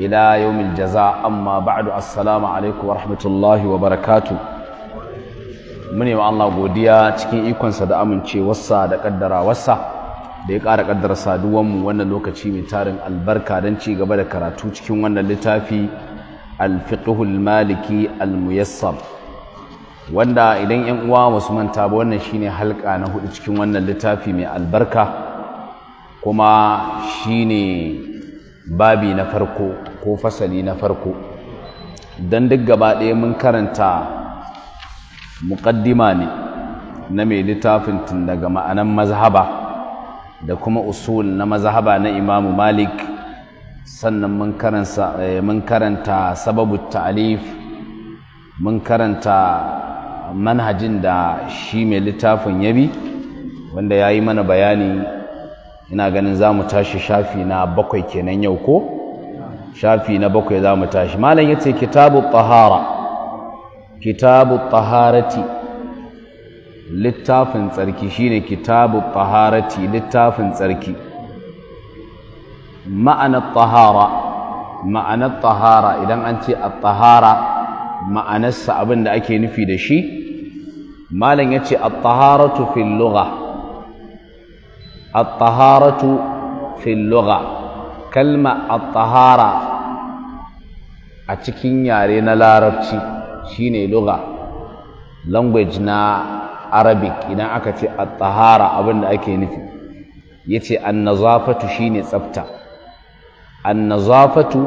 ila yawmil jaza amma ba'du assalamu alaikum wa rahmatullahi wa barakatuh mune wa Allah godiya cikin ikonsa da amincewarsa da kaddarawarsa da ya ƙara ƙaddara saduwan mu wannan lokaci mai tarin albarka don cigaba da karatu cikin wannan littafi al maliki al-muyassar wanda idan yan uwa wasu manta ba wannan shine halka na hudu cikin wannan littafi mai albarka kuma shine babi na farko ko fasali na farko don duk gaba ɗaya mun karanta muƙaddima ne na mai littafin tun daga ma'anan mazhaba da kuma usul na mazhaba na imamu malik sannan eh, mun karanta sababu ta'alif mun karanta manhajin da shi mai littafin ya bi, wanda ya yi mana bayani ina ganin za mu tashi shafi na bakwai kenan yau ko? شافي نبوك إذا متاش ما لن يتي كتاب الطهارة كتاب الطهارة لتافن تركي شيني كتاب الطهارة للتافن تركي معنى الطهارة معنى الطهارة إذا أنت الطهارة معنى السعبن لأكي نفيد شي ما لن يتي الطهارة في اللغة الطهارة في اللغة kalma at-tahara a cikin yare na larabci shine luga language na arabic idan aka ce at-tahara abinda ake nufi yace an-nazafatu shine tsafta an-nazafatu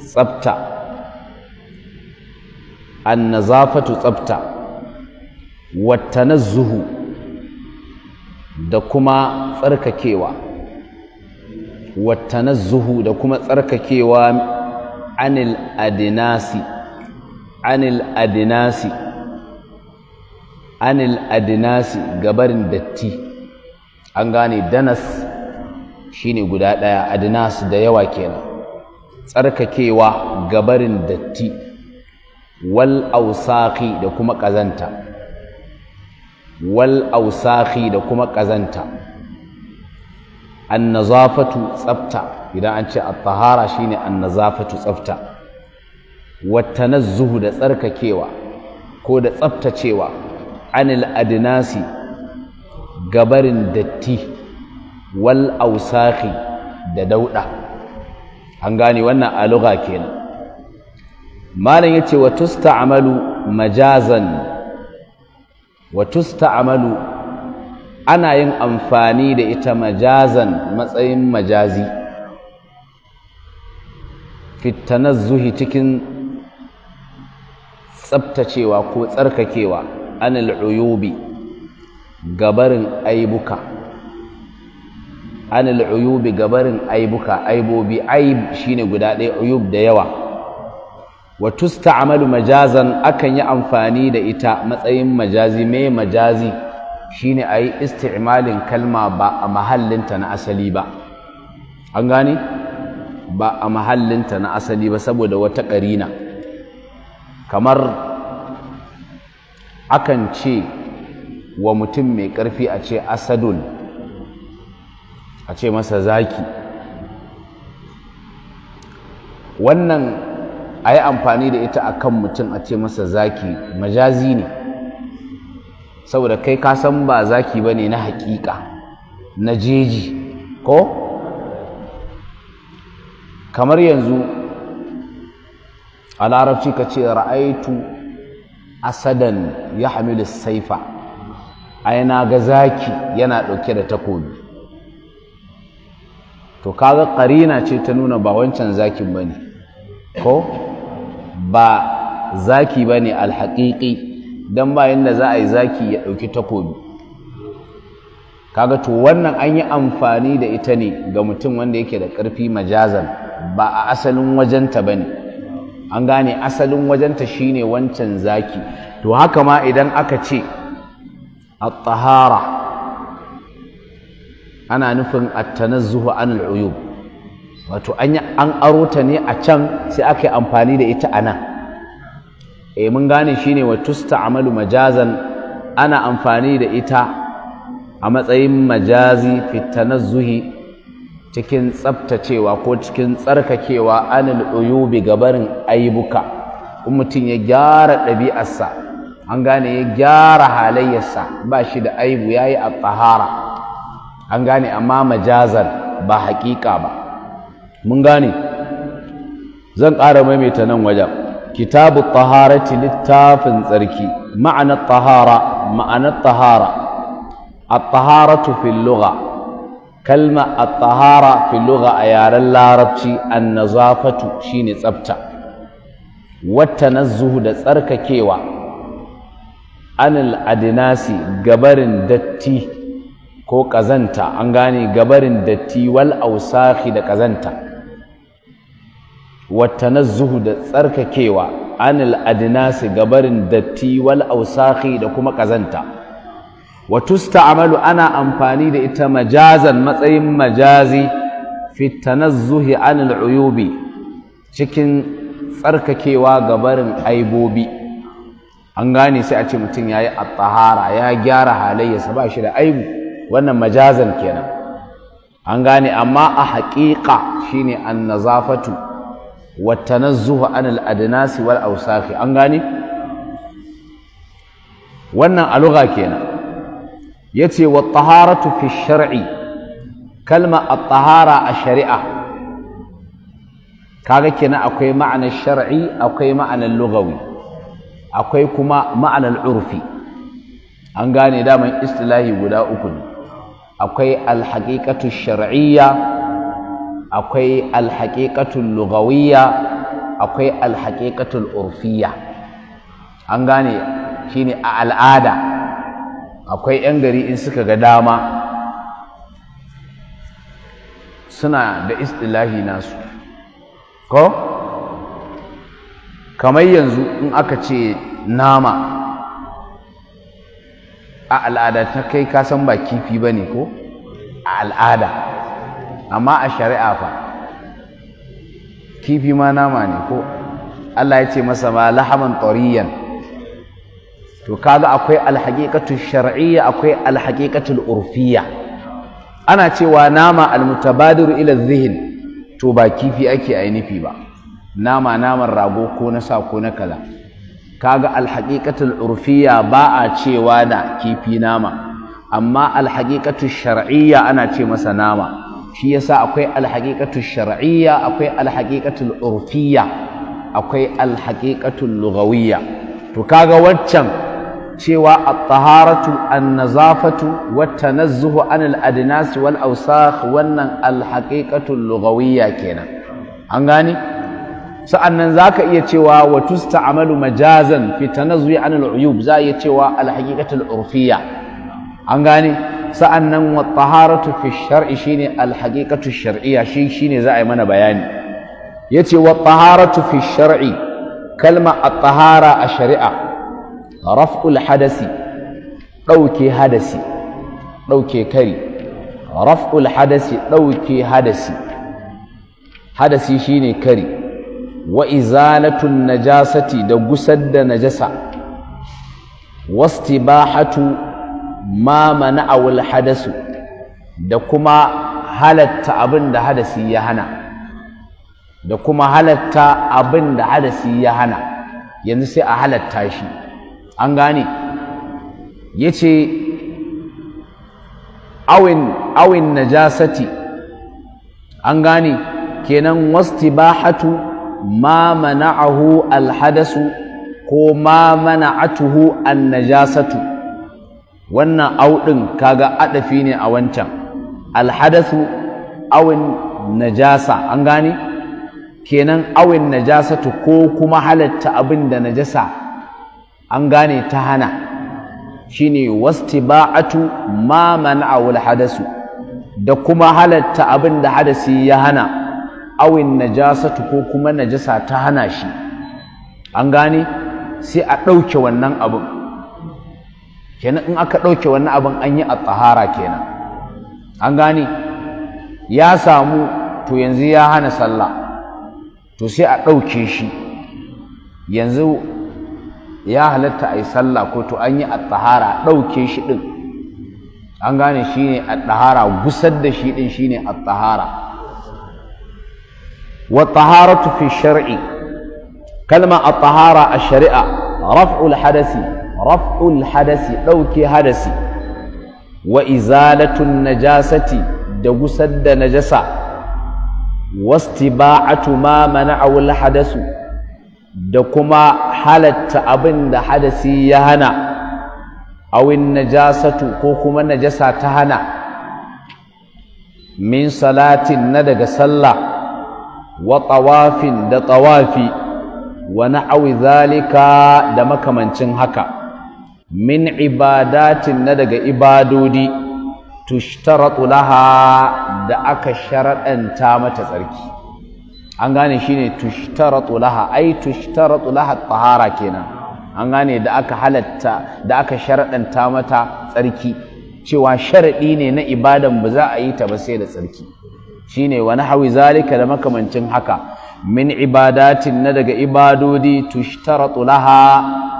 tsafta an-nazafatu tsafta wat-tanazzuhu da kuma tsarkakewa watanazzuhu da kuma tsarkakewa anil adinasi anil adinasi anil adinasi gabarin datti an gane danas shine guda ɗaya adinas da yawa kenan tsarkakewa gabarin datti wal ausaki da kuma kazanta wal ausaki da kuma ƙazanta annazafatu tsafta idan an ce at-tahara shine annazafatu tsafta watanazzuhu da tsarkakewa ko da tsaftacewa anil adnasi gabarin datti wal ausakhi da dauda an gane wannan a lugha kenan malam yace wa tusta'malu majazan wa tusta'malu ana yin amfani da ita majazan matsayin majazi zuhi cikin tsabtacewa ko tsarkakewa anil uyubi gabarin aibuka anil uyubi gabarin aibuka aibobi aib shine guda ɗaya uyub da yawa wa amalu majazan akan yi amfani da ita matsayin majazi me majazi shine a yi isti'malin kalma ba a mahallinta na asali ba an gane ba a mahallinta na asali ba saboda wata ƙarina kamar akan ce wa mutum mai ƙarfi a ce asadun a ce masa zaki wannan a yi amfani da ita a kan mutum a ce masa zaki majazi ne saboda kai ka san ba zaki ba ne na haƙiƙa na jeji ko kamar yanzu a larabci ka ce ra'aitu asadan ya hamilu saifa ai na ga zaki yana ɗauke da takobi to kaga ƙarina ce ta nuna ba wancan zakin ba ne ko ba zaki ba ne alhaƙiƙi don bayan da za a yi zaki ya ɗauki takobi kaga to wannan an yi amfani da ita ne ga mutum wanda yake da ƙarfi majazan ba a asalin wajenta ba ne an gane asalin wajenta shine wancan zaki to haka ma idan aka ce at-tahara ana nufin at-tanazzuhu anil uyub wato an an aro ta ne a can sai aka yi amfani da ita a nan E mun gane shine wa tusta'malu majazan ana amfani da ita a matsayin majazi fitanazzuhi zuhi cikin tsaftacewa ko cikin tsarkakewa anil uyubi gabarin aibuka in mutum ya gyara ɗabi'arsa an gane ya gyara halayyarsa ba shi da aibu ya yi a tsahara an gane amma majazan ba haƙiƙa ba mun gane zan ƙara maimaita nan wajen كتاب الطهارة للتاف انزركي معنى الطهارة معنى الطهارة الطهارة في اللغة كلمة الطهارة في اللغة أيار ربشي النظافة شين سبتا والتنزه دسرك كيوا أن الأدناسي قبرن دتي كو كزنتا أنغاني قبرن دتي والأوساخي دكزنتا دا watanazzuhu da tsarkakewa anil adinasi gabarin datti wal ausakhi da kuma ƙazanta. Watusta tusta'malu ana amfani da ita majazan matsayin majazi fi tanazzuhi anil uyubi cikin tsarkakewa gabarin aibobi an gane sai a ce mutum yayi a tahara ya gyara halayyarsa ba shi da aibu wannan majazan kenan an gane amma a haƙiƙa shine an-nazafatu wa anal anil adnasi wal awsafi an gane wannan a lugha kenan yace wa taharatu fi shar'i kalma at-tahara a shari'a kaga kenan akwai ma'anar shar'i akwai ma'anar lugawi akwai kuma ma'anar urfi an gane daman istilahi guda uku ne akwai alhaqiqatu shar'iyya akwai alhaƙiƙatul lugawiyya akwai alhaƙiƙatul urfiyya an gane shine a al'ada akwai 'yan gari in suka ga dama suna da istilahi nasu ko kamar yanzu in aka ce nama a al'ada ta kai kasan ba kifi ba ne ko a al'ada amma a shari'a fa kifi ma nama ne ko Allah ya ce masa ma lahaman tsoriyan to kaga akwai alhaqiqatu shar'iyya akwai alhaqiqatu urfiyya ana cewa nama almutabadiru ila zihin to ba kifi ake nufi ba nama naman rago ko na sa ko na kaza kaga alhaqiqatul urfiyya ba a cewa da kifi nama amma alhaqiqatu shar'iyya ana ce masa nama shi yasa akwai alhaqiqatu shar'iyya akwai alhaqiqatu urfiyya akwai alhaqiqatu lughawiyya to kaga waccan cewa at-taharatu an-nazafatu wat-tanazzuhu an al-adnas wal-awsakh wannan alhaqiqatu lughawiyya kenan an gani sa'annan zaka iya cewa wa tusta'malu majazan fi tanazzuhi an al-uyub za iya cewa al urfiyya an gani sa'annan wa taharatu fi shar'i shine al-haqiqatu shar'iyya shi shine za a yi mana bayani yace wa taharatu fi shar'i kalma at-tahara a shari'a raf'ul hadasi dauke hadasi dauke kari raf'ul hadasi dauke hadasi hadasi shine kari wa izalatun najasati da gusar da najasa wastibahatu ma mana'awul hadasu da kuma halatta abin da hadasi ya hana da kuma halatta abin da hadasi ya hana yanzu sai a halatta shi an gane ya ce awin najasati an gane kenan wastibahatu ma mana'ahu alhadasu ko ma mana'atuhu an najasatu wannan auɗin kaga aɗafi ne a wancan alhadasu awin najasa an gane kenan awin najasatu ko kuma halatta abin da najasa an gane ta hana shine wastiba'atu ma man'a wal hadasu da kuma halatta abin da hadasi ya hana awin najasatu ko kuma najasa ta hana shi an gane sai a ɗauke wannan abin kenan in aka ɗauke wani abin an yi a kenan an gane ya samu to yanzu ya hana sallah to sai a ɗauke shi yanzu ya halatta a yi sallah ko to an yi a ɗauke shi ɗin an gane shi ne a gusar da shi ɗin shi ne a tsahara wa fi shar'i kalma a a shari'a raf'ul hadasi raf'ul hadasi ɗauke hadasi wa izalatun najasati da gusar da najasa wastiba'atu ma mana'ahu hadasu da kuma halatta abinda hadasi ya hana awin najasatu ko kuma najasa ta hana min salatin na daga sallah wa ƙawafin da tawafi wa na'awi zalika da makamancin haka min ibadatin na daga ibadodi tushtaratu laha da aka sharaɗanta mata tsarki an gane shine tushtaratu laha ai tushtaratu laha tahara kenan an gane da aka halatta da aka sharaɗanta mata tsarki cewa sharaɗi ne na ibadan ba za a yi ta ba sai da tsarki shine wani hawi zalika da makamancin haka min ibadatin na daga ibadodi tushtaratu laha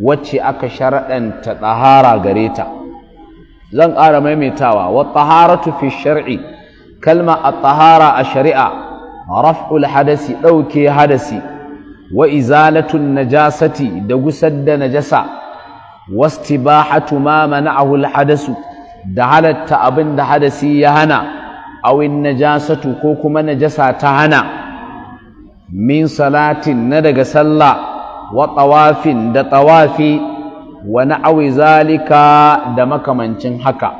wacce aka sharaɗanta ɗahara gare ta zan ƙara maimaitawa wa ɗaharatu fi shar'i kalma a ɗahara a shari'a raf'ul hadasi ɗauke hadasi wa izalatun najasati da gusar da najasa wastibahatu ma mana'ahu hadasu da halatta abin da hadasi ya hana awin najasatu ko kuma najasa ta hana min salatin na daga sallah wa tawafin da tawafi wa na'awi zalika da makamancin haka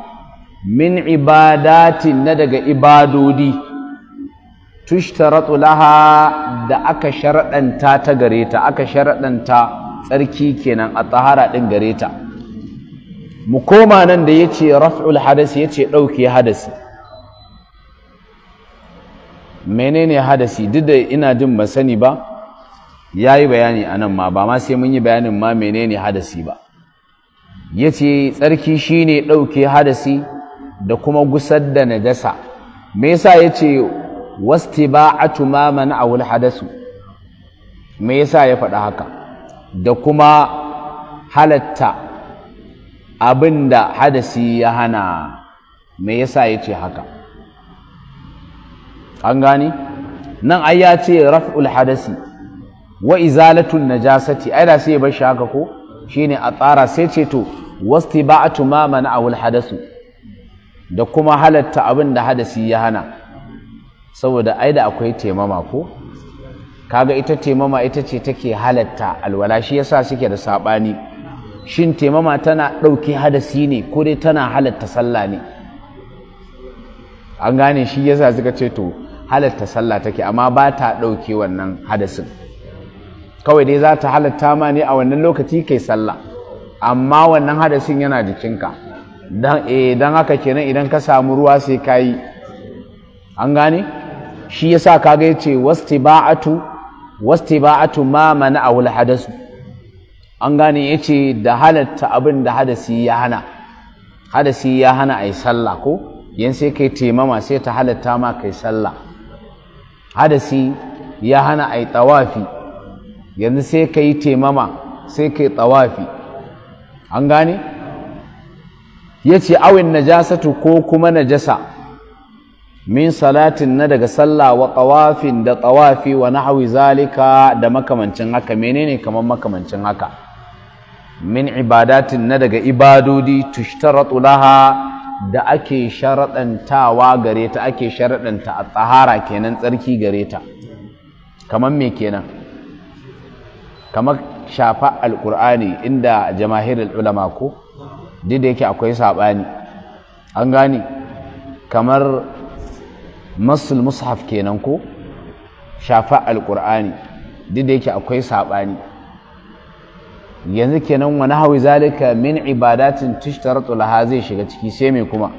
min ibadatin na daga ibadodi tushtaratu laha da aka sharaɗanta ta gare ta aka sharaɗanta tsarki kenan a tsahara ɗin gare ta mu koma nan da ya ce raf'ul hadasi ya ce ɗauke hadasi menene hadasi duk da ina jin ba sani ba ya yi bayani a nan ma ba ma sai mun yi bayanin ma menene hadasi ba ya ce tsarki shi ne ɗauke hadasi da kuma gusar da najasa me yasa ya ce ba wastiba'atu ma man'awul hadasu me yasa ya faɗa haka da kuma halatta abinda hadasi ya hana me yasa ya ce haka an gane nan ai ya ce raf'ul hadasi wa izalatun najasati ai da sai bar shi haka ko shine a tsara sai ce to wastiba'atu ma awul hadasu da kuma halatta abin da hadasi ya hana saboda ai da akwai temama ko kaga ita temama ita ce take halatta alwala shi yasa suke da sabani shin temama tana ɗauke hadasi ne ko dai tana halatta sallah ne an gane shi yasa suka ce to halatta sallah take amma ba ta ɗauke wannan hadasin kawai dai za ta halatta ma ne a wannan lokaci kai sallah amma wannan hadasin yana jikinka don eh, haka kenan idan ka samu ruwa sai ka an gane shi yasa kaga ya ce wastiba'atu wastiba'atu ma mana awul hadasu an gane ya da halatta abin da hadasi ya hana hadasi ya hana a yi sallah ko yan sai kai taimama sai ta halatta ma kai sallah hadasi ya hana a yi tawafi yanzu sai ka yi taimama sai ka yi tsawafi an gane ya ce awin najasatu ko kuma najasa min salatin na daga sallah wa tsawafin da tsawafi wa nahawi zalika da makamancin haka menene kamar makamancin haka min ibadatin na daga ibadodi tushtaratu laha da ake sharaɗantawa gare ta ake sharaɗanta a tsahara kenan tsarki gare ta kamar me kenan kamar shafa alkur'ani inda jamahirul ulama ko duk da yake akwai saɓani an gane kamar masul mushaf kenan ko shafa alkur'ani duk da yake akwai saɓani yanzu kenan wani hawi zalika min ibadatin tushtaratu laha zai shiga ciki sai mai kuma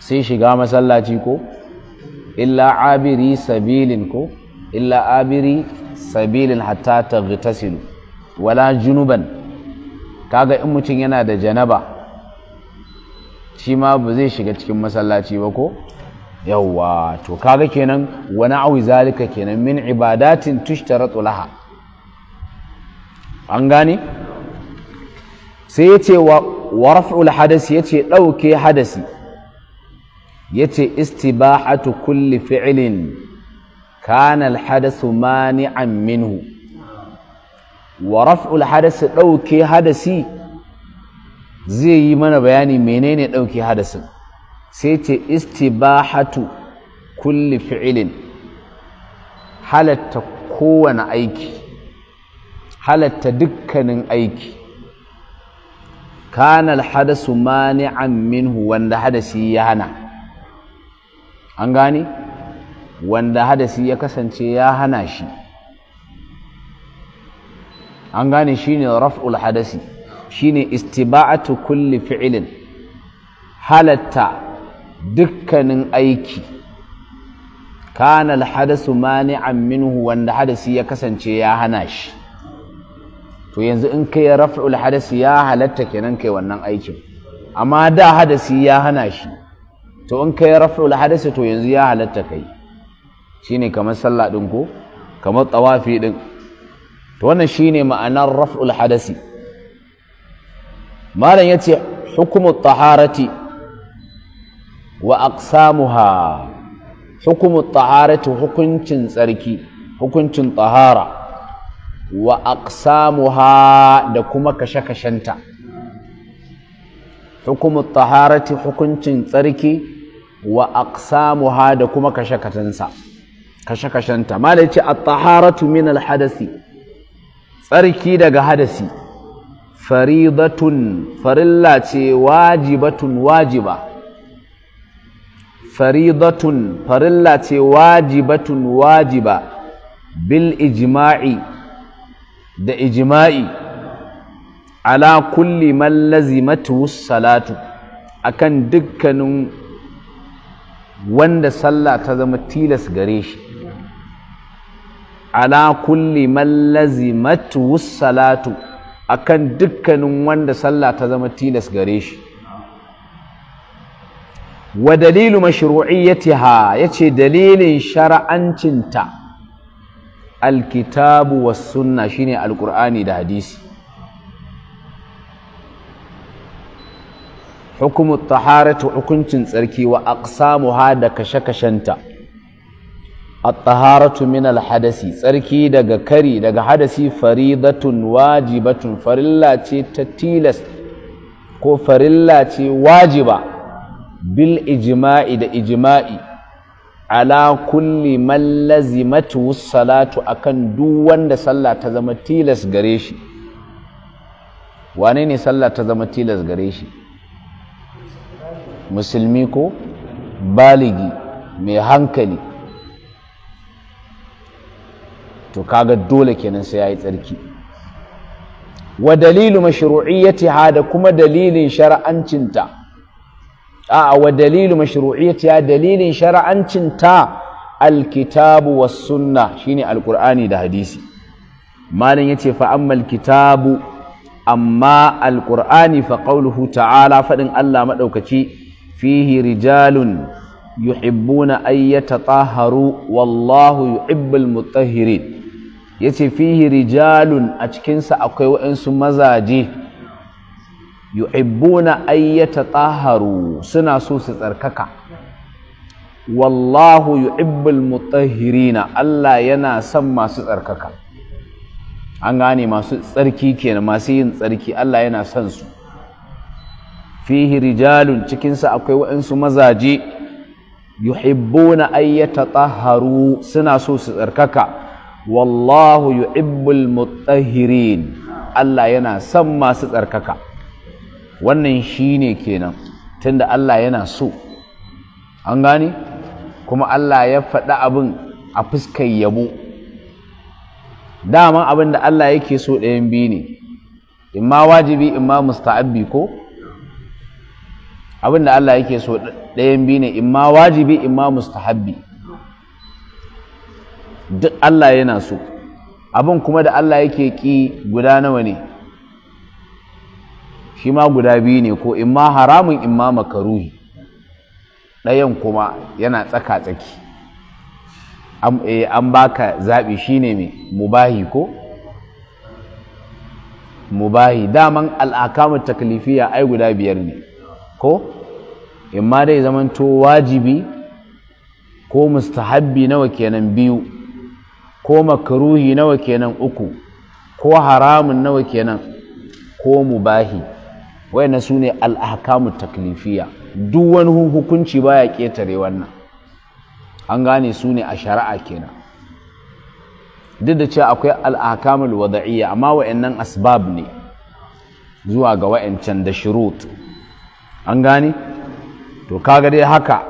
sai shiga masallaci ko illa abiri sabilin ko illa abiri sabilin hatta taghtasilu wala junuban kaga in mutum yana da janaba shi ma ba zai shiga cikin masallaci ba ko yawwa to kaga kenan wani awi zalika kenan min ibadatin tushtara laha an gane sai yace wa warfa'ul hadasi yace ɗauke hadasi yace istibahatu kulli fi'ilin kana alhadasu mani'an minhu wa raf'ul hadasi ɗauke hadasi zai yi mana bayani menene ɗauke hadasin sai ce istibahatu kulli fi'ilin halatta kowane aiki halatta dukkanin aiki kana alhadasu mani'an minhu wanda hadasi ya hana an gane wanda hadasi ya kasance ya hana shi an gane shine raf'ul hadasi shine istiba'atu kulli fi'ilin halatta dukkanin aiki kana alhadasu mani'an minhu wanda hadasi ya kasance ya hana shi to yanzu in kai raf'ul hadasi ya halatta kenan kai wannan aikin amma da hadasi ya hana shi to in kai raf'ul hadasi to yanzu ya halatta kai shine kamar sallah din ko kamar tawafi din to wannan shine ma'anar raf'ul hadasi malam yace hukumu taharati wa aqsamuha hukumu taharati hukuncin tsarki hukuncin tahara wa aqsamuha da kuma kashe-kashenta hukumu taharati hukuncin tsarki wa aqsamuha da kuma kashe-kashensa kashe-kashenta mala ce a taharatu min alhadasi tsarki daga hadasi faridatun farilla ce wajibatun wajiba faridatun farilla ce wajibatun wajiba bil ijma'i da ijma'i ala kulli man lazimatu salatu akan dukkanin wanda sallah ta zama tilas gare shi ala kulli man lazimatu wussalatu akan dukkanin wanda sallah ta zama tilas gare shi wa dalilu mashru'iyyatiha yace dalilin shar'ancinta alkitabu was sunna shine alqur'ani da hadisi hukumu taharatu hukuncin tsarki wa aqsamuha da kashe-kashenta at-taharatu min al-hadasi tsarki daga kari daga hadasi faridatun wajibatun farilla ce ta tilas ko farilla ce wajiba bil ijma'i da ijma'i ala kulli man lazimatu salatu akan duk wanda sallah ta zama tilas gare shi wane ne sallah ta zama tilas gare shi musulmi ko baligi mai hankali to kaga dole kenan sai yayi tsarki wa dalilu mashru'iyyatiha da kuma dalilin shar'ancinta a'a wa dalilu mashru'iyyatiha dalilin shar'ancinta alkitabu was sunna shine alqur'ani da hadisi malam yace fa ammal kitabu amma alqur'ani fa qawluhu ta'ala fadin Allah madaukaki fihi rijalun yuhibbuna an yatatahharu wallahu yuhibbul mutahhirin ya ce fihi rijalun a cikinsa akwai waɗansu mazaje yuhibbuna ayyata tsaharu suna so su tsarkaka wallahu yuhibbul mutahhirina Allah yana son masu tsarkaka an gane masu tsarki kenan masu yin tsarki Allah yana son su fihi rijalun cikinsa akwai waɗansu mazaje yuhibbuna ayyata tsaharu suna so su tsarkaka wallahu yuibbul mutahhirin Allah yana son masu tsarkaka wannan shine kenan tunda Allah yana so an gane kuma Allah ya faɗi abin a fuskar yabo dama abin da Allah yake so ɗayan biyu ne imma wajibi imma musta'abbi ko abin da Allah yake so ɗayan biyu ne imma wajibi imma mustahabbi duk Allah yana so abin kuma da Allah yake ƙi guda nawa ne shi ma guda biyu ne ko imma haramun imma makaruhi ɗayan kuma yana tsaka-tsaki eh, an baka zaɓi shi ne mai mubahi ko mubahi daman al'akamun taklifiya ai guda biyar ne ko imma dai zamanto wajibi ko mustahabbi nawa kenan biyu ko makaruhi nawa kenan uku ko haramun nawa kenan ko mubahi na sune ne taklifiya duk wani hukunci baya ƙetare wannan an gane sune ne a shari'a kenan duk da cewa akwai al'akamul wada'iyya amma wayannan asbab ne zuwa ga wayancan da shirut an gane to kaga dai haka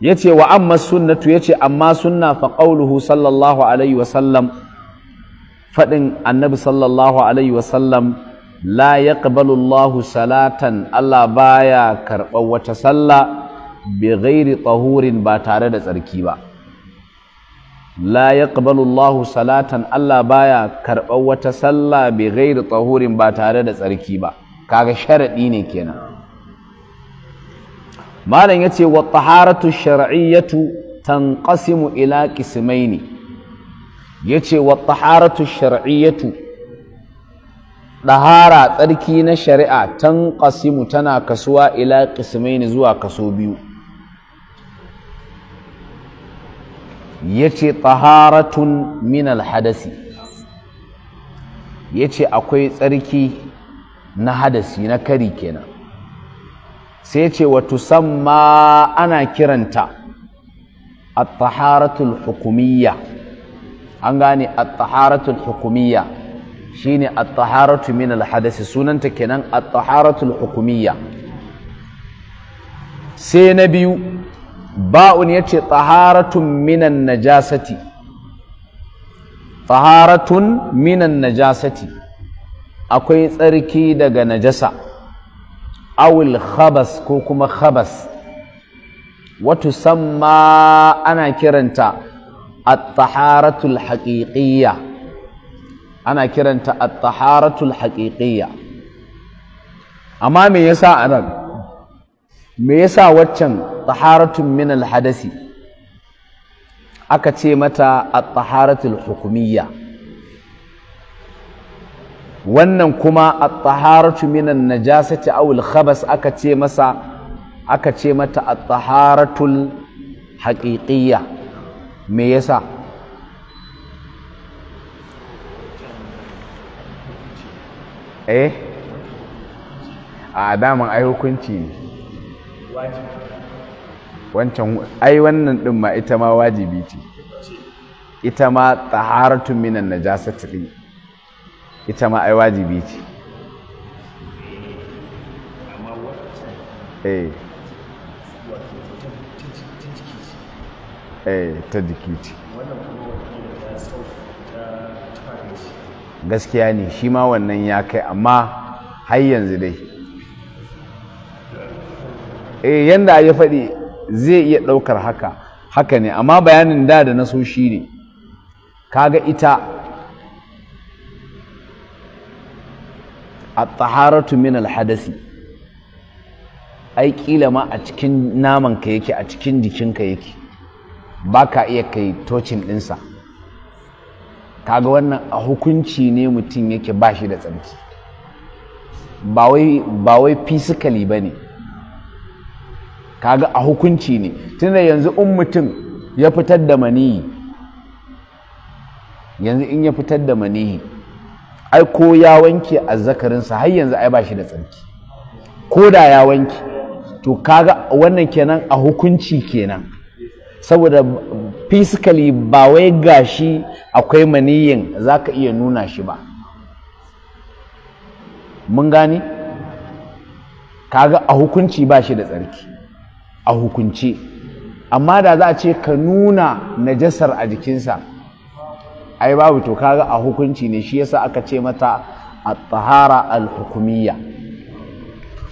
yace wa amma sunnatu yace amma sunna fa qauluhu sallallahu alaihi wa sallam fadin annabi sallallahu alaihi wa sallam la yaqbalu Allahu salatan Allah baya karɓar wata sallah bi ghairi tahurin ba tare da tsarki ba la yaqbalu Allahu salatan Allah baya karɓar wata sallah bi ghairi tahurin ba tare da tsarki ba kaga sharadi ne kenan malam yace wa taharatu shar'iyyatu tanqasimu ila qismaini yace wa taharatu shar'iyyatu dahara tsarki na shari'a tanqasimu tana kasuwa ila qismaini zuwa kaso biyu yace taharatun min alhadasi yace akwai tsarki na hadasi na kari kenan sai ce wa tusamma ana kiranta at-taharatul hukumiyya an gane at-taharatul hukumiyya shine at-taharatu min al sunanta kenan at-taharatul hukumiyya sai na biyu ba'un yace taharatun minan najasati taharatun minan najasati akwai tsarki daga najasa awil khabas ko kuma khabas wata samma ana kiranta at-taharatul haqiqiyya ana kiranta at-taharatul haqiqiyya amma me yasa anan me yasa waccan taharatun min al-hadasi aka ce mata at-taharatul hukumiyya wannan kuma a taharatu minan najasati aw al-khabas aka ce masa aka ce mata at-taharatul haqiqiyya me yasa eh a daman ai hukunci ne wancan ai wannan din ma ita ma wajibi ce ita ma taharatu minan najasati ita ma ai wajibi ce eh eh ta jiki ce gaskiya ne shi ma wannan ya kai amma har yanzu dai eh yanda ya faɗi zai iya ɗaukar haka haka ne amma bayanin da da na so shi ne kaga ita at-taharatu min al-hadasi ai kila ma a cikin naman ka yake a cikin jikinka yake baka iya kai tocin ɗinsa kaga wannan a hukunci ne mutum yake ba shi da tsarki ba wai fisikali bane kaga a hukunci ne tunda yanzu in mutum ya fitar da maniyi yanzu in ya fitar da maniyi ai ko ya wanke azzakarinsa har yanzu ai ba shi da tsarki ko da ya wanke to kaga wannan kenan a hukunci kenan saboda physically ba wai gashi akwai maniyin za ka iya nuna shi ba mun gane kaga a hukunci ba shi da tsarki a hukunci amma da za a ce ka nuna najasar a jikinsa ai babu to kaga a hukunci ne shi yasa aka ce mata at-tahara al-hukumiyya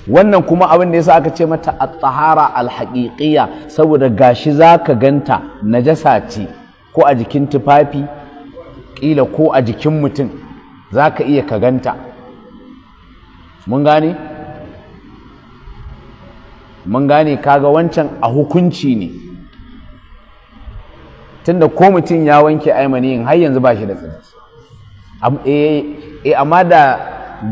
wannan kuma abin da yasa aka ce mata at-tahara al-haqiqiyya saboda gashi zaka ganta najasa ce ko a jikin tufafi kila ko a jikin mutum zaka iya ka ganta mun gane mun gane kaga wancan a hukunci ne tunda ko mutum ya wanke aimaniyin har yanzu ba shi da tsarki eh, eh, amma da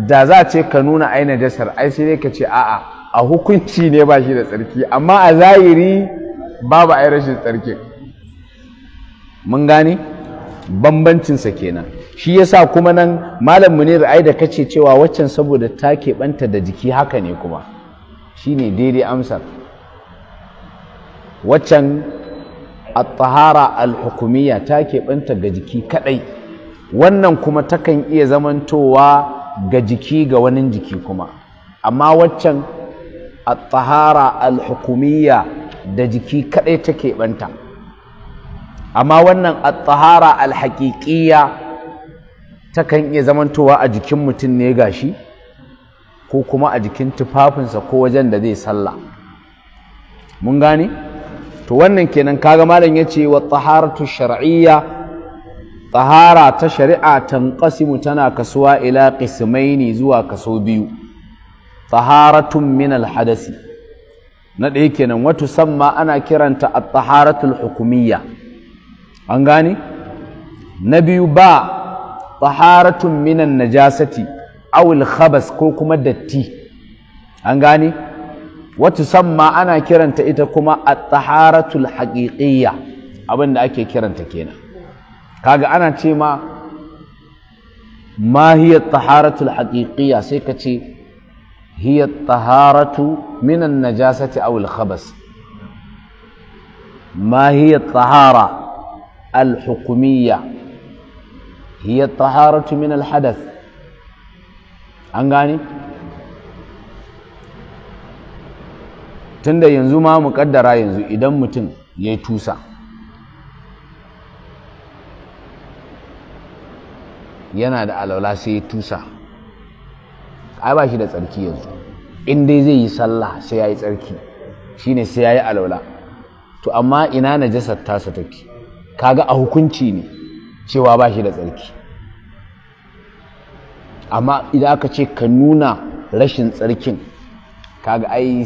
da za ce ka nuna aina jasar ai sai dai ka ce a'a a hukunci ne ba shi da tsarki amma a zahiri babu ai rashin tsarki mun gane bambancinsa kenan shi yasa kuma nan malam munir ai da kace cewa waccan saboda ta keɓanta da jiki haka ne kuma shine daidai amsar waccan at-tahara al-hukumiyya ta keɓanta ga jiki kaɗai wannan kuma takan iya zamantowa ga jiki ga wani jiki kuma amma waccan at-tahara al-hukumiyya da jiki kaɗai ta keɓanta amma wannan at-tahara al-haƙiƙiyya takan iya zamantowa a jikin mutum ne gashi ko kuma a jikin tufafinsa ko wajen da zai sallah mun gane? to wannan kenan kaga malam yace wa taharatu shar'iyya tahara ta shari'a tanqasimu tana kasuwa ila qismaini zuwa kaso biyu taharatun min alhadasi na ɗaya kenan watu samma ana kiranta at-taharatul hukumiyya an gane na biyu ba taharatun minan najasati awil khabas ko kuma datti an gane وتسمى أنا كرنت إتكما الطهارة الحقيقية أبن أكي كرنت كينا كاغا أنا تيما ما هي الطهارة الحقيقية سيكتي هي الطهارة من النجاسة أو الخبث ما هي الطهارة الحكمية هي الطهارة من الحدث أنغاني da yanzu ma mu kaddara yanzu idan mutum ya yi tusa yana da alaula sai ya tusa ai ba shi da tsarki yanzu in dai zai yi sallah sai ya yi tsarki shine sai ya yi alaula to amma ina na najasar tasa take kaga a hukunci ne cewa ba shi da tsarki amma idan aka ce ka nuna rashin tsarkin kaga ai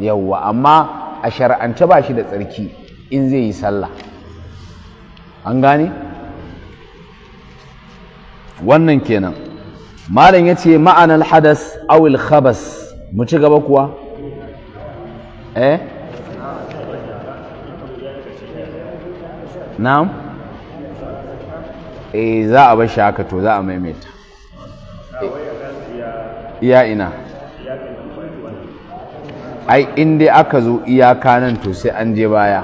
yawwa amma a shar'ance ba shi da tsarki in zai yi sallah an gane wannan kenan malam ya ce ma'anar hadas awil khabas mu ci gaba kuwa eh na'am eh za a bar haka to za a maimaita eh, ya ina ai in aka zo iyaka nan to sai an je baya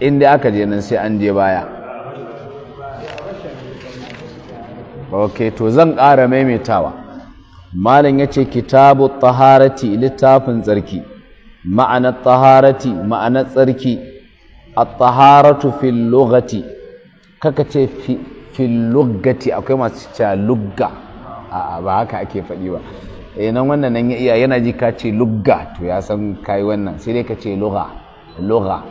in aka je nan sai an je baya ok to zan ƙara maimaitawa malam ya ce kitabu taharati littafin tsarki ma'anar taharati ma'anar tsarki a taharatu fil lugati kaka ce fil lugati akwai masu cewa lugga ba haka ake faɗi ba eh nan wannan nan ya iya yana ji ka ce lugga to ya san kai wannan sai dai ka ce lugha lugha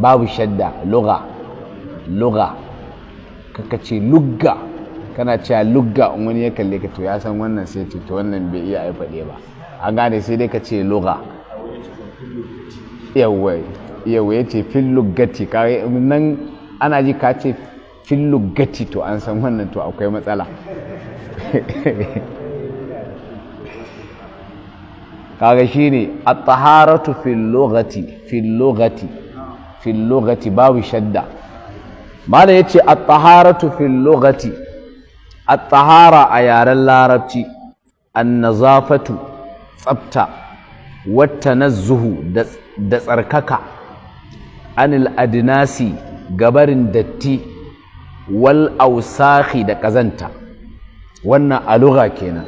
babu shadda lugha lugha Ka ce lugga kana cewa lugga in wani ya kalle ka to ya san wannan sai ce to wannan bai iya ai faɗe ba an gane sai dai ka ce lugha yawwa yawa ya ce fil luggati nan ana ji ka ce fil luggati to an san wannan to akwai matsala kaga shine at-taharatu fil lughati fil lughati fil lughati babu shadda mala yace at-taharatu fil lughati at-tahara a yaren larabci an-nazafatu tsafta wata nazzuhu da tsarkaka anil adinasi gabarin datti wal ausakhi da kazanta wannan a lugha kenan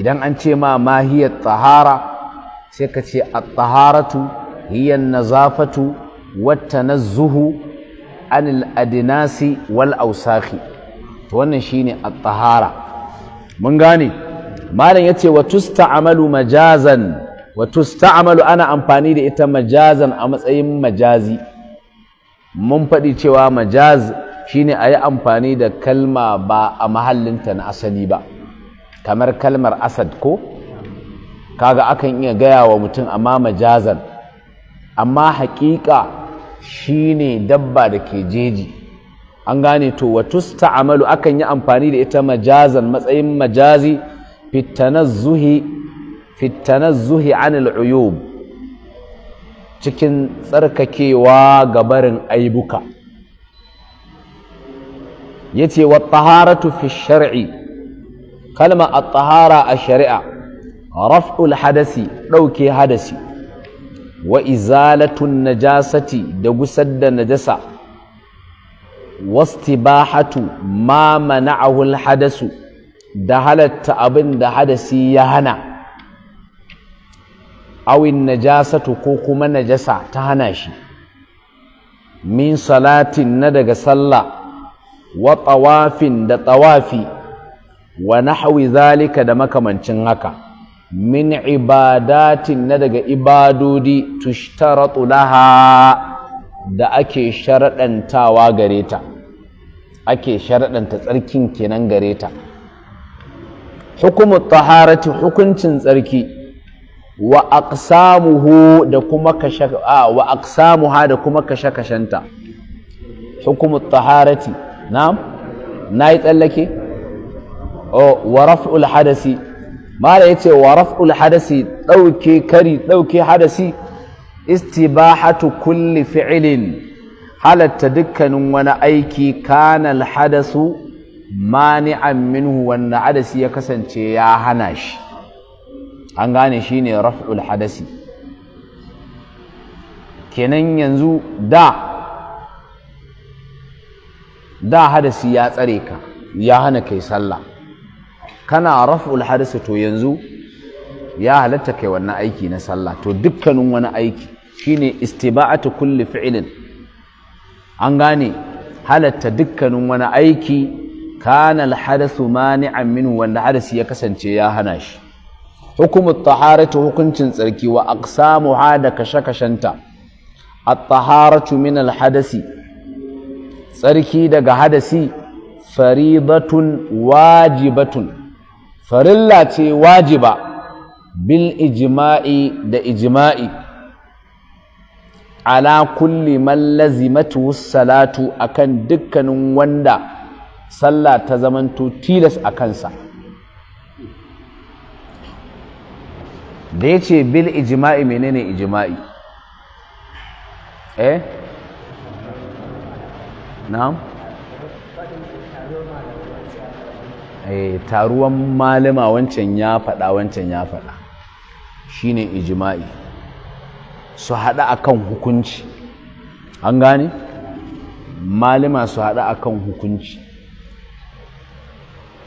idan an ce ma mahiyar tsahara, sai ka ce at-taharatu hiya an-nazafatu na zuhu, anil adinasi wal awsakhi to wannan ne a tsahara. mun gane malam yace wa tusta'malu majazan wa Amalu ana amfani da ita majazan a matsayin majazi mun faɗi cewa majaz shine a yi amfani da kalma ba a mahallinta na asali ba kamar kalmar asad ko kaga akan iya gaya wa mutum amma majazan amma haƙiƙa shine dabba da ke jeji an gane to wa Amalu akan yi amfani da ita majazan matsayin majazi fit zuhi anil uyub cikin tsarkakewa gabarin barin aibuka yace wa taharatu fi shar'i kalma at-tahara a shari'a raf'ul hadasi ɗauke hadasi wa izalatun najasati da gusar da najasa wastibahatu ma mana'ahu hadasu da halatta abin da hadasi ya hana awin najasatu ko kuma najasa ta hana shi min salatin na daga sallah wa tawafin da tawafi wa nahwi zalika da makamancin haka min ibadatin na daga ibadodi tushtaratu laha da ake sharaɗantawa gare ta ake sharaɗanta tsarkin kenan gare ta hukumu taharati hukuncin tsarki wa aqsamuhu da kuma kashe wa aqsamuha da kuma kashe kashenta hukumu taharati na'am nayi tsallake Oh, wa raf'ul hadasi mala yace wa raf'ul hadasi dauke kari ɗauke hadasi istibahatu kulli fi'lin halatta dukkanin wani aiki kanal hadasu mani'an minhu wanda hadasi ya kasance ya hana shi an gane shine raf'ul hadasi kenan yanzu da hadasi ya tsare ka ya hana kai sallah kana raf'ul hadisi to yanzu ya halatta kai wannan aiki na sallah to dukkanin wani aiki shine istiba'atu kulli fi'lin an gane halatta dukkanin wani aiki kana alhadasu mani'an minhu wanda hadasi ya kasance ya hana shi hukumu taharatu hukuncin tsarki wa mu hada kashe kashanta at-taharatu min alhadasi tsarki daga hadasi faridatun wajibatun farilla ce wajiba bil ijma'i da ijma'i ala kulli man lazimatu salatu akan dukkanin wanda sallah ta zamanto tilas a kansa da ya ce bil ijma'i menene ijima'i eh na'am Eh, taruwan malama wancan ya faɗa wancan ya faɗa shine ijima'i su haɗa akan hukunci an gane malama su haɗa akan hukunci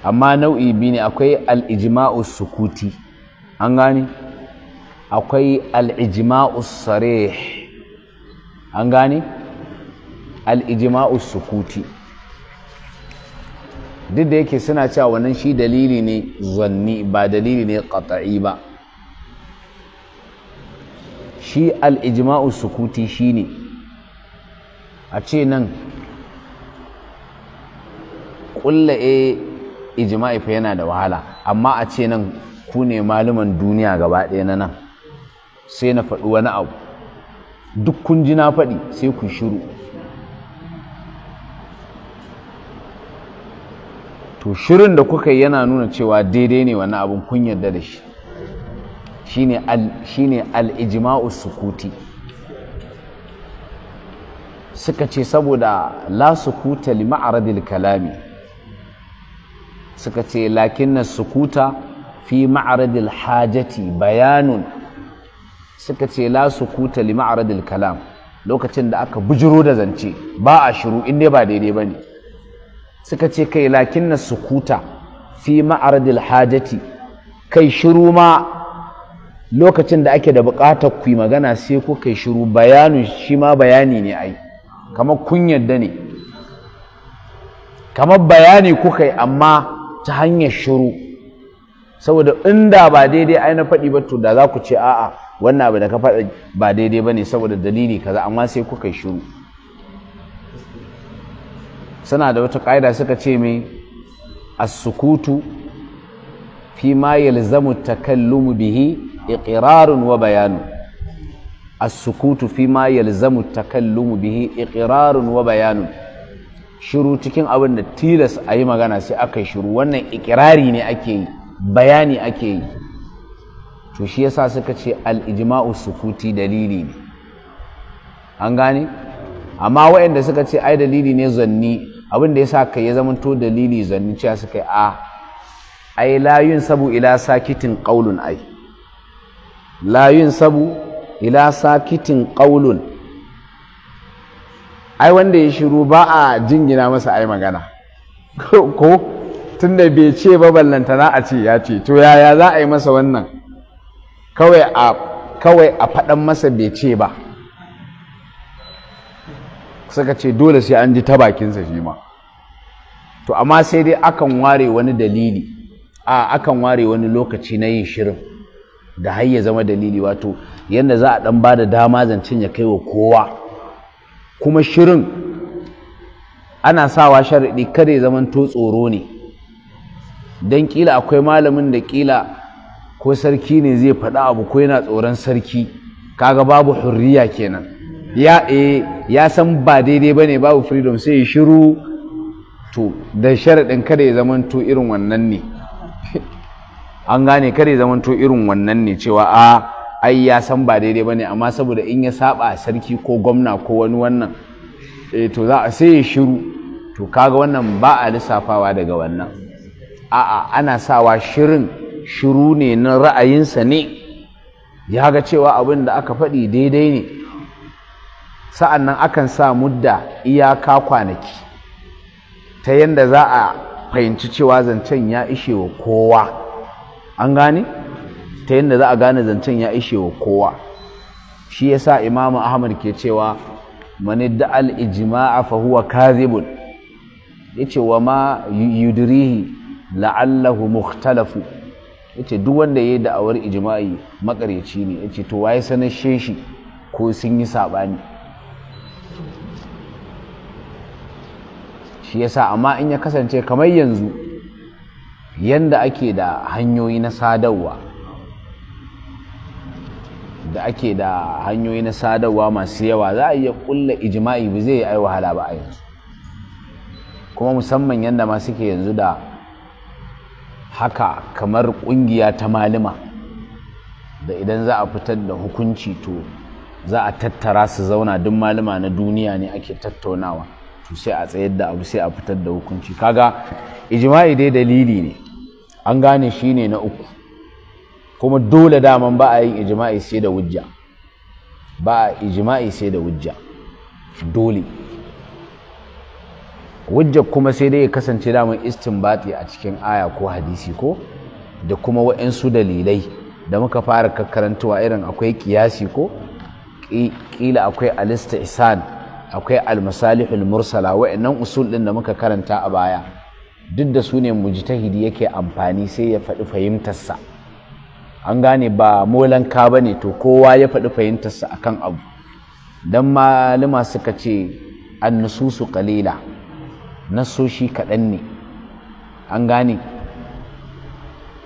amma nau'i biyu ne akwai al'ijima'u sukuti an gane akwai al'ijima'u sarih an gane al'ijima'u sukuti duk da yake suna cewa wannan shi dalili ne zanni ba dalili ne qat'i ba shi al-ijma'u sukuti shine a ce nan kulla e eh, ijma'i fa yana da wahala amma a ce nan ku ne malaman duniya gaba ɗaya na nan sai na faɗi wani abu duk kun ji na faɗi sai ku shiru to shirin da kuka yi yana nuna cewa daidai ne wani abin kun yarda da shi shine al-ijma'u sukuti suka ce saboda la sukuta li ma'aradil kalami suka ce lakinna sukuta fi ma'aradil hajati bayanun suka ce la sukuta li ma'aradil kalam lokacin da aka bujiro da zance ba a shiru in dai ba daidai ba ne suka ce kai lakin na sukuta fi ma'aradil hajati kai shiru ma lokacin da ake da buƙatar ku yi magana sai ku kai shiru bayanu shi ma bayani ne ai kamar kun yadda ne kamar bayani ku kai amma ta hanyar shiru saboda inda ba daidai ai na faɗi ba to da za ku ce a'a wannan abu da ka faɗa ba daidai ba ne saboda dalili kaza amma sai kuka kai shiru suna da wata ƙa'ida suka ce mai a sukutu fi ma yalzamu takallumu bihi iqrarun wa bayanu A sukutu fi ma yalzamu takallumu bihi iqrarun wa bayanu shiru cikin abin da tilas a yi magana sai aka yi shiru wannan ikirari ne ake yi bayani ake yi to shi yasa suka ce al-ijma'u sukuti dalili ne an gane amma waɗanda suka ce ai dalili ne zanni abin da ya sa ka ya zamanto dalili zannin cewa suka yi a ah, ai layun sabu ila sakitin qaulun ai layun sabu ila sakitin qaulun ai wanda ya shiru ba a jingina masa ai magana ko tunda bai ce ba na a ce ya ce to yaya za a yi masa wannan kawai a faɗan masa bai ce ba suka ce dole sai an ji ta bakinsa shi ma to amma sai dai akan ware wani dalili a akan ware wani lokaci na yin shirin da har ya zama dalili wato yadda za a dan bada dama zancen ya kai wa kowa kuma shirin ana sawa sharaɗi kada ya zamanto tsoro ne don kila akwai malamin da kila ko sarki ne zai faɗa abu ko yana tsoron sarki kaga babu hurriya kenan ya eh ya san ba daidai ba ne babu freedom sai ya shiru to da sharaɗin kada ya to irin wannan ne an gane kada ya to irin wannan ne cewa a ai ya san ba daidai ba ne amma saboda in ya saba sarki ko gwamna ko wani wannan e to za a sai ya shiru to kaga wannan ba a lissafawa daga wannan a'a ana sawa shirin shiru ne na ra'ayinsa ne ya ga cewa abin da aka faɗi daidai ne sa'an nan akan sa mudda iyaka kwanaki ta yadda za a fahimci cewa zancen ya ishe wa kowa an gane ta yadda za a gane zancen ya ishe wa kowa shi ya sa imamu ahmad ke cewa mani da'al ijma'a fa huwa Ya ce wa ma Yudurihi la'allahu mukhtalafu ce duk wanda ya yi da'awar ijma'i maƙaryaci ne Ya ce to waye sanar sheshi ko sun yi saɓani? shi yasa amma in ya kasance kamar yanzu yanda ake da hanyoyi na sadarwa da ake da hanyoyi na sadarwa masu yawa za a iya kulla ijma'i ba zai yi wahala ba a yanzu kuma musamman yanda ma suke yanzu da haka kamar kungiya ta malima da idan za a fitar da hukunci to za a tattara su zauna duk malima na duniya ne ake tattaunawa to sai a tsayar da abu sai a fitar da hukunci kaga ijma'i dai dalili ne an gane shi ne na uku kuma dole daman ba a yin ijma'i sai da wujja ba a ijma'i sai da wujja dole wujja kuma sai dai ya kasance daman istinbati a cikin aya ko hadisi ko da kuma waɗansu dalilai da muka fara kakkarantuwa irin akwai kiyasi ko ƙila akwai alista isan akwai almasalihul mursala wa'annan usul ɗin da muka karanta a baya duk da su ne mujtahidi yake amfani sai ya faɗi fahimtarsa an gane ba molanka ba ne to kowa ya faɗi fahimtarsa akan abu dan malama suka ce an nususu qalila nasoshi kaɗan ne an gane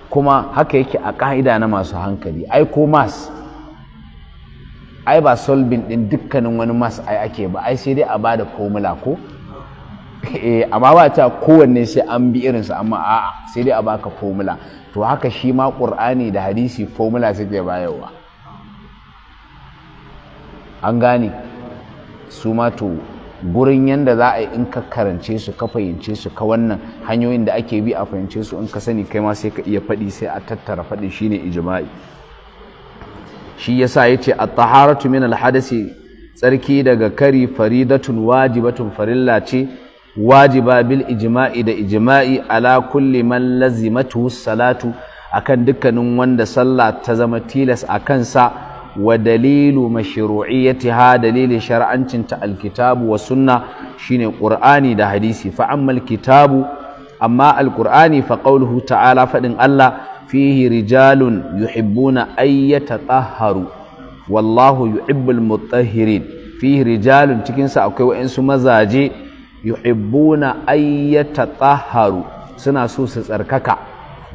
kuma haka yake a ƙa'ida na masu hankali ai ko mas ai ba solving din dukkanin wani mas ai ake ba ai sai dai a bada formula ko eh, amma ba ta kowanne sai an bi irin su amma a'a sai dai a baka formula to haka shi ma qur'ani da hadisi formula suke bayarwa an gane su ma to gurin yanda za a yi in ka karance su ka fahimce su ka wannan hanyoyin da ake bi a fahimce su in ka sani kai ma sai ka iya faɗi sai a tattara faɗi shine ijma'i shi yasa yace at-taharatu min al-hadasi tsarki daga kari faridatun wajibatun farilla ce wajiba bil ijma'i da ijma'i ala kulli man lazimatu salatu akan dukkanin wanda sallah ta zama tilas a kansa wa dalilu mashru'iyyatiha dalilin shar'ancin ta alkitabu wa sunna shine qur'ani da hadisi fa ammal kitabu amma Alƙur'ani fa qawluhu ta'ala fadin Allah fihi rijalun yuhibbuna ayyata tsaharu wallahu yuhibbul mutahhirin fihi rijalun cikinsa akwai wa'insu mazaje yuhibbuna ayyata tsaharu suna so su tsarkaka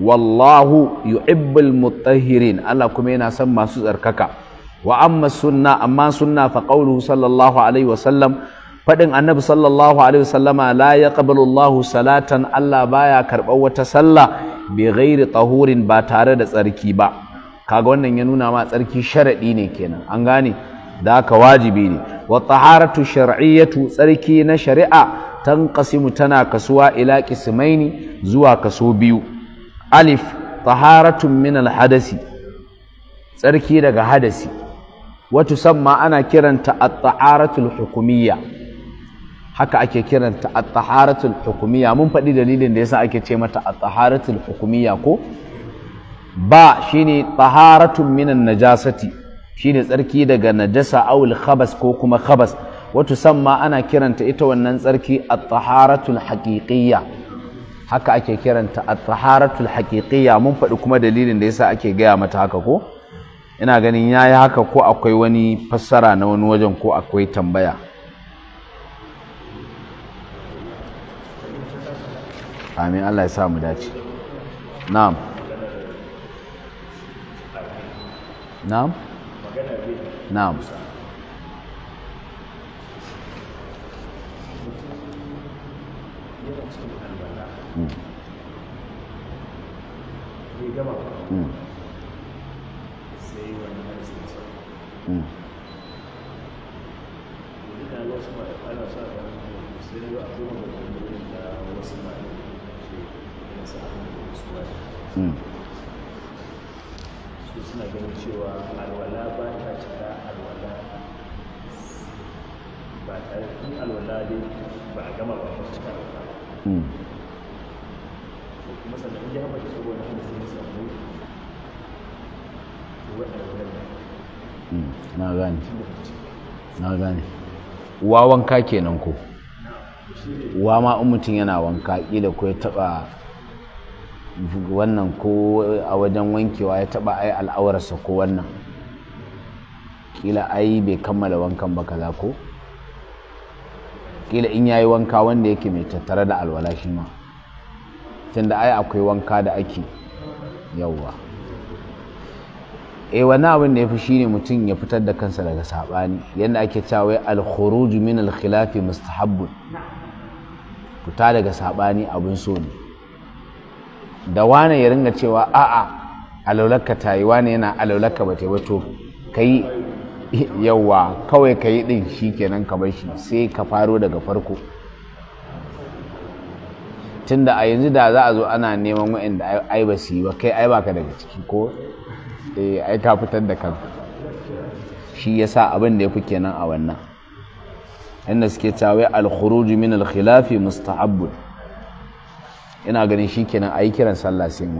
wallahu yuhibbul mutahhirin Allah kuma yana son masu tsarkaka wa amma sunna amma sunna fa sallallahu alaihi wa sallam faɗin annabi sallallahu alaihi wasallama la yaqbalu qabalullahu salatan Allah baya karɓar wata sallah bi ghairi tahurin ba tare da tsarki ba kaga wannan ya nuna ma tsarki sharadi ne kenan an gane da haka wajibi ne wa taharatu shar'iyyatu tsarki na shari'a tanqasimu tana kasuwa ila qismaini zuwa kaso biyu alif taharatun min al hadasi tsarki daga hadasi wa tusamma ana kiranta at-taharatul hukumiyya haka ake kiranta at-taharatul hukumiyya mun faɗi dalilin da yasa ake ce mata at-taharatul hukumiyya ko ba shine taharatun minan najasati shine tsarki daga najasa awul khabas ko kuma khabas wato samma ana kiranta ita wannan tsarki at-taharatul haqiqiyya haka ake kiranta at-taharatul haqiqiyya mun faɗi kuma dalilin da yasa ake gaya mata haka ko ina ganin yayi haka ko akwai wani fassara na wani wajen ko akwai tambaya amin Allah ya sa mu dace na'am na'am na'am Mm. Hmm. su suna ganin cewa alwala ba ta cika alwala ba tare in alwala dai ba a gama ba ta cika alwala hmm. to kuma sannan in ya haɓa da su wani hadisi ne sannan na gane na gane wa wanka kenan ko wa ma in mutum yana wanka ƙila ko ya taɓa wannan ko a wajen wankewa ya taba ai al'aurarsa ko wannan kila ai bai kammala wankan ba kaza ko kila in yayi wanka wanda yake mai tattare da alwala shi ma tunda ai akwai wanka da ake yawwa eh wani abin da ya fi shine mutum ya fitar da kansa daga saɓani yadda ake cewa al-khuruj min al-khilafi mustahabbun fita daga saɓani abin so ne da wane ya ringa cewa a'a alaulaka ta yi wane yana alaulaka ba ta ba to yi yauwa kawai ka yi ɗin shi kenan ka bar shi sai ka faro daga farko tunda a yanzu da za a zo ana neman da ai ba su yi ba kai ai baka daga ciki ko eh, ai ka fitar da kan shi ya sa abin da ya fi kenan a wannan inda suke cawai al-khuruj min al-khilafi mustahabbun ina ganin shi a ayi kiran sallah sai